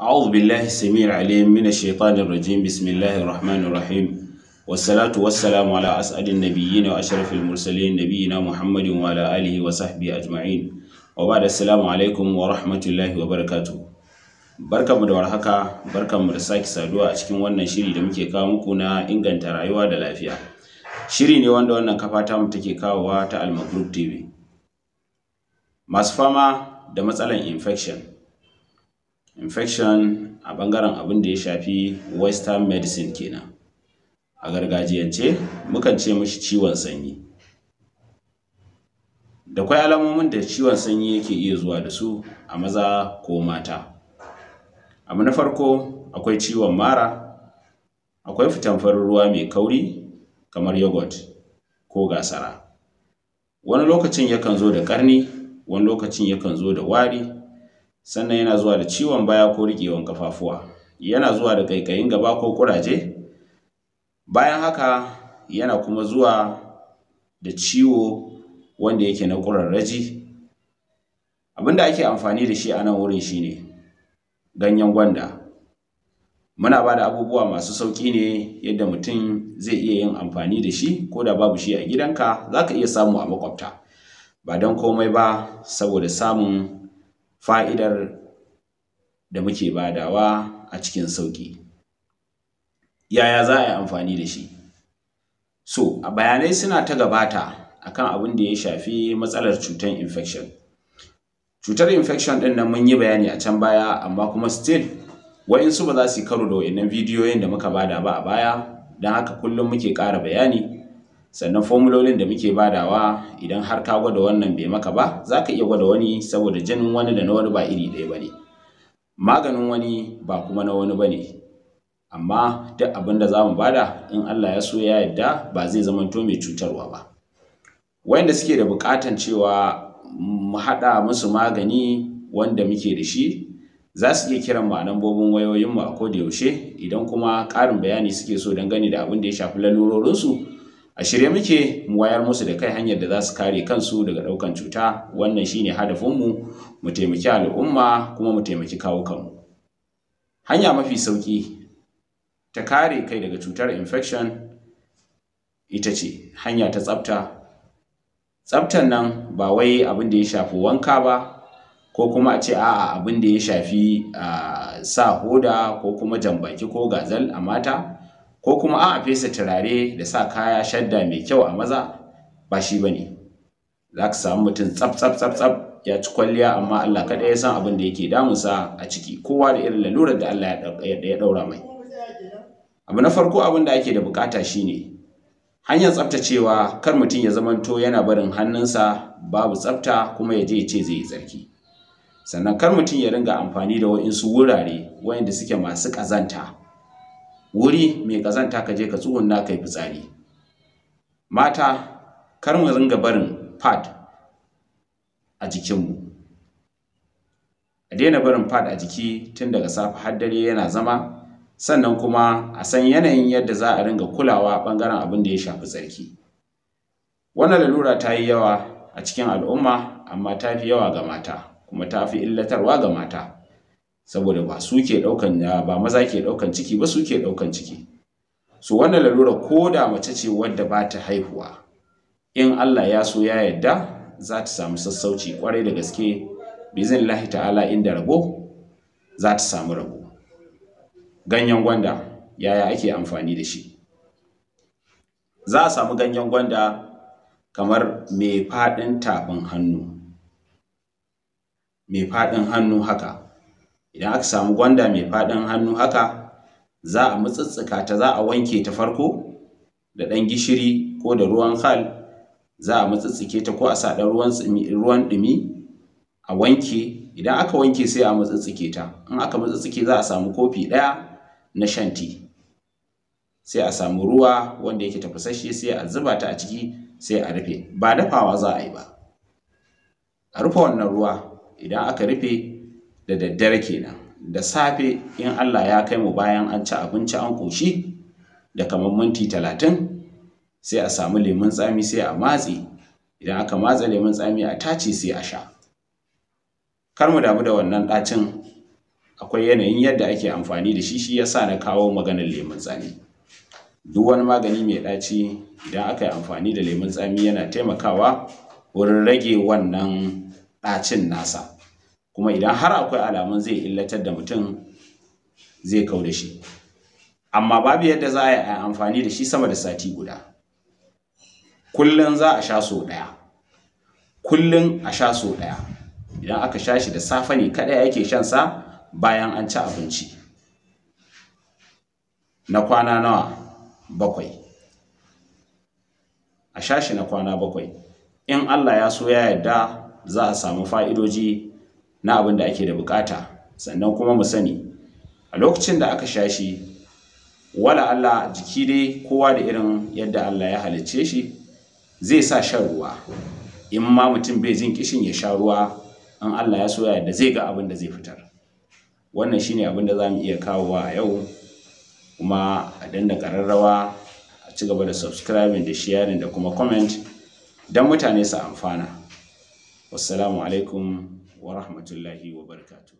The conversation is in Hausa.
أعوذ بالله السميع العليم من الشيطان الرجيم بسم الله الرحمن الرحيم والصلاة والسلام على أسعد النبيين وأشرف المرسلين نبينا محمد وعلى آله وصحبه أجمعين وبعد السلام عليكم ورحمة الله وبركاته mu da warhaka mu da sake saduwa a cikin wannan shiri da muke kawo muku na inganta rayuwa da lafiya shiri ne wanda wannan kafa ta mu take kawowa ta alma group tv masu fama da matsalan infection infection a ɓangaren abin da ya shafi western medicine kenan a gargajiyance mukan ce mishi ciwon sanyi da kwai alamomin da ciwon sanyi yake iya zuwa da su a maza ko mata abu na farko akwai ciwon mara akwai fitan farin ruwa mai kauri kamar yogurt ko gasara wani lokacin yakan zo da ƙarni wani lokacin yakan zo da wari sannan yana zuwa da ciwon baya ko riƙewan ƙafafuwa yana zuwa da ƙaiƙayin gaba ko ƙuraje bayan haka yana kuma zuwa da ciwo wanda yake na ƙurarraji Abin da ake amfani da shi a nan wurin shine ganyen gwanda muna ba da abubuwa masu sauƙi ne yadda mutum zai iya yin amfani da shi ko da babu shi a gidanka za ka iya samu a makwabta ba don komai ba saboda samun fa'idar da muke badawa a cikin sauƙi. Yaya za a yi amfani da shi? So, bayanai suna ta gabata akan abin da ya shafi matsalar cutar infection. Cutar infection ɗin nan mun yi bayani a can baya amma kuma still wa'insu ba za su yi karo da wa'innan bidiyoyin da muka bada ba a baya don haka kullum muke ƙara bayani sannan fomulolin da muke badawa idan har ka gwada wannan bai maka ba za ka iya gwada wani saboda jinin wani da na wani ba iri ɗaya ba ne maganin wani ba kuma na wani ba ne amma duk abin da za mu bada in allah ya so ya yadda ba zai zamanto mai cutarwa ba wayanda suke da buƙatan cewa mu haɗa musu magani wanda muke da shi za su iya kiran mu a lambobin wayoyinmu a koda yaushe idan kuma ƙarin bayani suke so dangane da abin da ya shafi lalurorinsu a shirye muke mu wayar musu da kai hanyar da za su kare kansu daga ɗaukan cuta wannan shine hadafinmu mu taimaki al'umma kuma mu taimaki kawukanmu hanya mafi sauƙi ta kare kai daga cutar infection ita ce hanya ta tsafta tsaftan nan ba wai abin da ya shafi wanka ba ko kuma a ce a'a abin da ya shafi ah, sa hoda ko kuma jambaki ko gazal a mata ko kuma a fesa turare da sa kaya shadda mai kyau a maza ba shi ba ne za ka samu mutum tsaf tsaf tsaf tsaf ya ci kwalliya amma Allah kaɗai ya san abin da yake damunsa a ciki kowa da irin lalurar da Allah ya ɗaura mai abu na farko abin da ake da bukata shine hanyar tsaftacewa kar mutum ya zamanto yana barin hannunsa babu tsafta kuma ya je ya ce zai yi tsarki sannan kar mutum ya ringa amfani da wa'insu wurare wayanda suke masu ƙazanta wuri mai ƙazanta ka je ka tsuguna ka yi fitsari mata kar mu ringa barin pad a jikinmu a daina barin pad a jiki tun daga safe har dare yana zama sannan kuma a san yanayin yadda za a ringa kulawa ɓangaren abin da ya shafi tsarki wannan lalura ta yi yawa a cikin al'umma amma ta fi yawa ga mata kuma ta fi illatarwa ga mata saboda ba su ke ɗaukan ah, ba maza ke ɗaukan ciki ba su ke ɗaukan ciki su wannan lalura ko da mace ce wadda ba ta haihuwa in Allah ya so ya yadda za ta samu sassauci kwarai da gaske bizin lahi ta'ala inda rabo za ta samu rabo ganyen gwanda yaya ake amfani da shi za a samu ganyen gwanda kamar mai faɗin tafin hannu mai faɗin hannu haka idan aka samu gwanda mai faɗin hannu haka za a mutsutsuka ta za a wanke ta farko da ɗan gishiri ko da ruwan hal za a mutsutsuke ta ko a sa ɗan ruwan ɗumi a wanke idan aka wanke sai a mutsutsuke ta in aka mutsutsuke za a samu kofi ɗaya na shanti sai a samu ruwa wanda yake tafasasshe sai a zuba ta a ciki sai a rufe ba dafawa za a yi ba a rufe wannan ruwa idan aka rufe da daddare kenan da safe in Allah ya kai mu bayan an ci abinci an ƙoshi da kamar minti talatin sai a samu lemun tsami sai a matse idan aka matse lemun tsami a tace sai a sha kar mu damu da wannan ɗacin akwai yanayin yadda ake amfani da shi shi ya sa na kawo maganar lemun tsami duk wani magani mai ɗaci idan aka yi amfani da lemun tsami yana taimakawa wurin rage wannan ɗacin nasa kuma idan har akwai alamun zai illatar da mutum zai kau da shi amma babu yadda za a yi amfani da shi sama da sati guda kullum za a sha so ɗaya kullum a sha so ɗaya idan aka sha shi da safe ne kaɗai ake sa bayan an ci abinci na kwana nawa bakwai a sha shi na kwana bakwai in allah ya so ya yarda za a samu fa'idoji na abin da ake da bukata sannan kuma mu sani a lokacin da aka sha shi wala Allah jiki dai kowa da irin yadda Allah ya halicce shi zai sa shan ruwa in ma mutum bai jin kishin ya sha ruwa an Allah ya soya da zai ga abin da zai fitar wannan shine abin da zamu iya kawowa a yau kuma a danna kararrawa a ci gaba da subscribing da sharing da kuma comment don mutane su amfana wassalamu alaikum ورحمة الله وبركاته